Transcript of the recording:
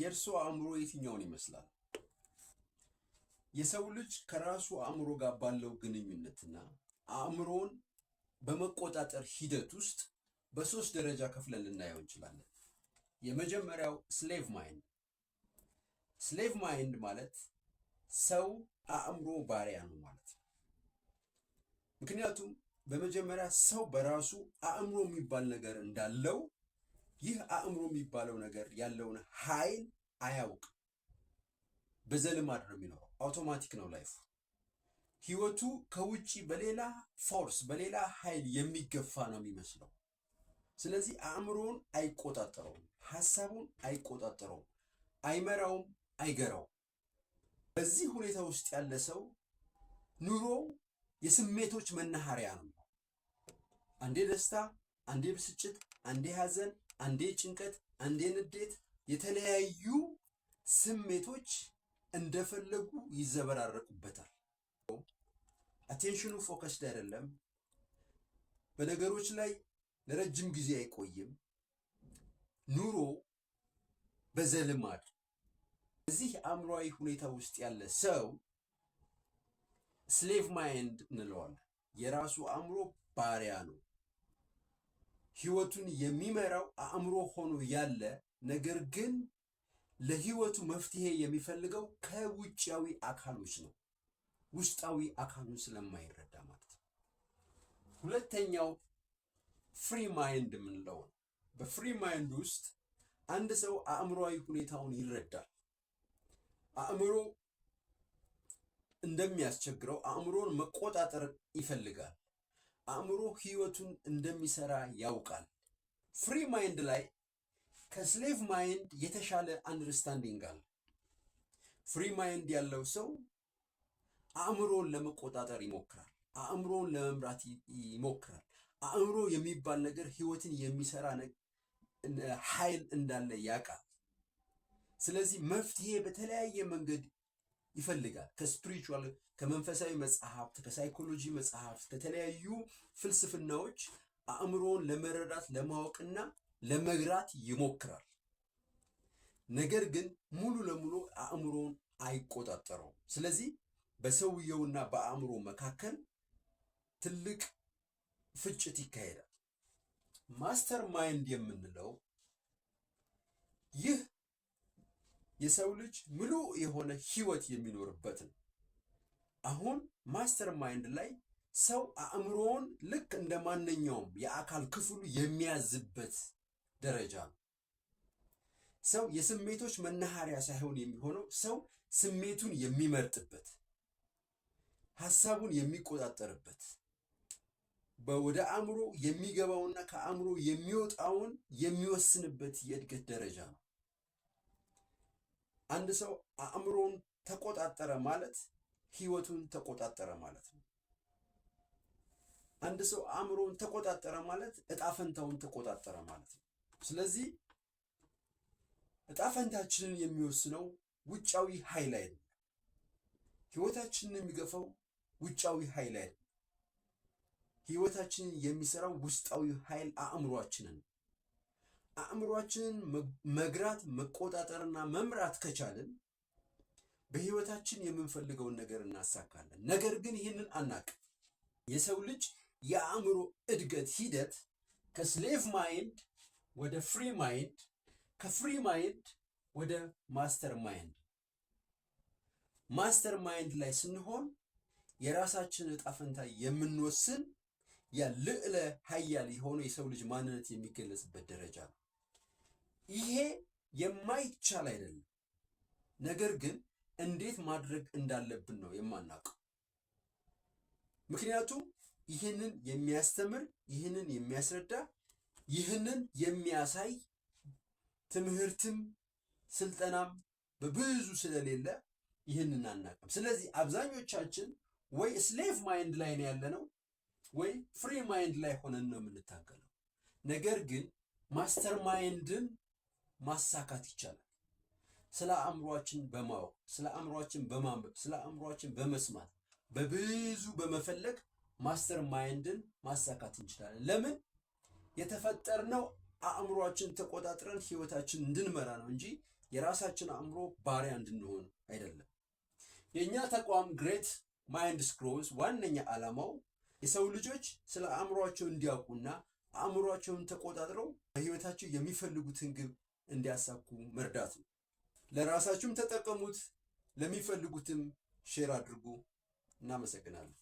የእርሶ አእምሮ የትኛውን ይመስላል? የሰው ልጅ ከራሱ አእምሮ ጋር ባለው ግንኙነትና አእምሮን በመቆጣጠር ሂደት ውስጥ በሶስት ደረጃ ከፍለን ልናየው እንችላለን። የመጀመሪያው ስሌቭ ማይንድ። ስሌቭ ማይንድ ማለት ሰው አእምሮ ባሪያ ነው ማለት ነው። ምክንያቱም በመጀመሪያ ሰው በራሱ አእምሮ የሚባል ነገር እንዳለው ይህ አእምሮ የሚባለው ነገር ያለውን ኃይል አያውቅ በዘልማድ ነው የሚኖረው። አውቶማቲክ ነው ላይፉ። ህይወቱ ከውጭ በሌላ ፎርስ በሌላ ኃይል የሚገፋ ነው የሚመስለው። ስለዚህ አእምሮውን አይቆጣጠረውም፣ ሀሳቡን አይቆጣጠረውም፣ አይመራውም፣ አይገራውም። በዚህ ሁኔታ ውስጥ ያለ ሰው ኑሮ የስሜቶች መናኸሪያ ነው። አንዴ ደስታ፣ አንዴ ብስጭት፣ አንዴ ሀዘን አንዴ ጭንቀት፣ አንዴ ንዴት፣ የተለያዩ ስሜቶች እንደፈለጉ ይዘበራረቁበታል። አቴንሽኑ ፎከስድ አይደለም። በነገሮች ላይ ለረጅም ጊዜ አይቆይም። ኑሮ በዘልማድ እዚህ አእምሯዊ ሁኔታ ውስጥ ያለ ሰው ስሌቭ ማይንድ እንለዋለን። የራሱ አእምሮ ባሪያ ነው። ህይወቱን የሚመራው አእምሮ ሆኖ ያለ ነገር ግን ለህይወቱ መፍትሄ የሚፈልገው ከውጫዊ አካሎች ነው፣ ውስጣዊ አካሉን ስለማይረዳ ማለት ነው። ሁለተኛው ፍሪ ማይንድ የምንለው ነው። በፍሪ ማይንድ ውስጥ አንድ ሰው አእምሮዊ ሁኔታውን ይረዳል። አእምሮ እንደሚያስቸግረው አእምሮን መቆጣጠር ይፈልጋል። አእምሮ ህይወቱን እንደሚሰራ ያውቃል። ፍሪ ማይንድ ላይ ከስሌቭ ማይንድ የተሻለ አንደርስታንዲንግ አለ። ፍሪ ማይንድ ያለው ሰው አእምሮን ለመቆጣጠር ይሞክራል። አእምሮን ለመምራት ይሞክራል። አእምሮ የሚባል ነገር ህይወትን የሚሰራ ኃይል እንዳለ ያውቃል። ስለዚህ መፍትሄ በተለያየ መንገድ ይፈልጋል። ከስፕሪቹዋል ከመንፈሳዊ መጽሐፍት፣ ከሳይኮሎጂ መጽሐፍት፣ ከተለያዩ ፍልስፍናዎች አእምሮን ለመረዳት ለማወቅና ለመግራት ይሞክራል። ነገር ግን ሙሉ ለሙሉ አእምሮን አይቆጣጠረውም። ስለዚህ በሰውየውና በአእምሮ መካከል ትልቅ ፍጭት ይካሄዳል። ማስተር ማይንድ የምንለው ይህ የሰው ልጅ ምሉ የሆነ ህይወት የሚኖርበት ነው። አሁን ማስተር ማይንድ ላይ ሰው አእምሮውን ልክ እንደ ማንኛውም የአካል ክፍሉ የሚያዝበት ደረጃ ነው። ሰው የስሜቶች መናኸሪያ ሳይሆን የሚሆነው ሰው ስሜቱን የሚመርጥበት፣ ሀሳቡን የሚቆጣጠርበት፣ ወደ አእምሮ የሚገባውና ከአእምሮ የሚወጣውን የሚወስንበት የእድገት ደረጃ ነው። አንድ ሰው አእምሮውን ተቆጣጠረ ማለት ህይወቱን ተቆጣጠረ ማለት ነው። አንድ ሰው አእምሮውን ተቆጣጠረ ማለት እጣፈንታውን ተቆጣጠረ ማለት ነው። ስለዚህ እጣፈንታችንን የሚወስነው ውጫዊ ኃይል አይደለም። ህይወታችንን የሚገፋው ውጫዊ ኃይል አይደለም። ህይወታችንን የሚሰራው ውስጣዊ ኃይል አእምሯችንን አእምሯችንን መግራት መቆጣጠርና መምራት ከቻልን በህይወታችን የምንፈልገውን ነገር እናሳካለን። ነገር ግን ይህንን አናቅ። የሰው ልጅ የአእምሮ እድገት ሂደት ከስሌቭ ማይንድ ወደ ፍሪ ማይንድ፣ ከፍሪ ማይንድ ወደ ማስተር ማይንድ፣ ማስተር ማይንድ ላይ ስንሆን የራሳችን እጣ ፈንታ የምንወስን ያ ልዕለ ኃያል የሆነ የሰው ልጅ ማንነት የሚገለጽበት ደረጃ ነው። ይሄ የማይቻል አይደለም። ነገር ግን እንዴት ማድረግ እንዳለብን ነው የማናውቀው። ምክንያቱም ይህንን የሚያስተምር ይህንን የሚያስረዳ ይህንን የሚያሳይ ትምህርትም ስልጠናም በብዙ ስለሌለ ይህንን አናውቅም። ስለዚህ አብዛኞቻችን ወይ ስሌቭ ማይንድ ላይ ነው ያለነው ወይ ፍሪ ማይንድ ላይ ሆነን ነው የምንታገለው። ነገር ግን ማስተር ማይንድን ማሳካት ይቻላል። ስለ አእምሯችን በማወቅ ስለ አእምሯችን በማንበብ ስለ አእምሯችን በመስማት በብዙ በመፈለግ ማስተር ማይንድን ማሳካት እንችላለን። ለምን የተፈጠርነው አእምሯችን ተቆጣጥረን ህይወታችን እንድንመራ ነው እንጂ የራሳችን አእምሮ ባሪያ እንድንሆን አይደለም። የእኛ ተቋም ግሬት ማይንድ ስክሮልስ ዋነኛ ዓላማው የሰው ልጆች ስለ አእምሯቸው እንዲያውቁና አእምሯቸውን ተቆጣጥረው በህይወታቸው የሚፈልጉትን ግብ እንዲያሳኩ መርዳት ነው። ለራሳችሁም ተጠቀሙት፣ ለሚፈልጉትም ሼር አድርጉ። እናመሰግናለን።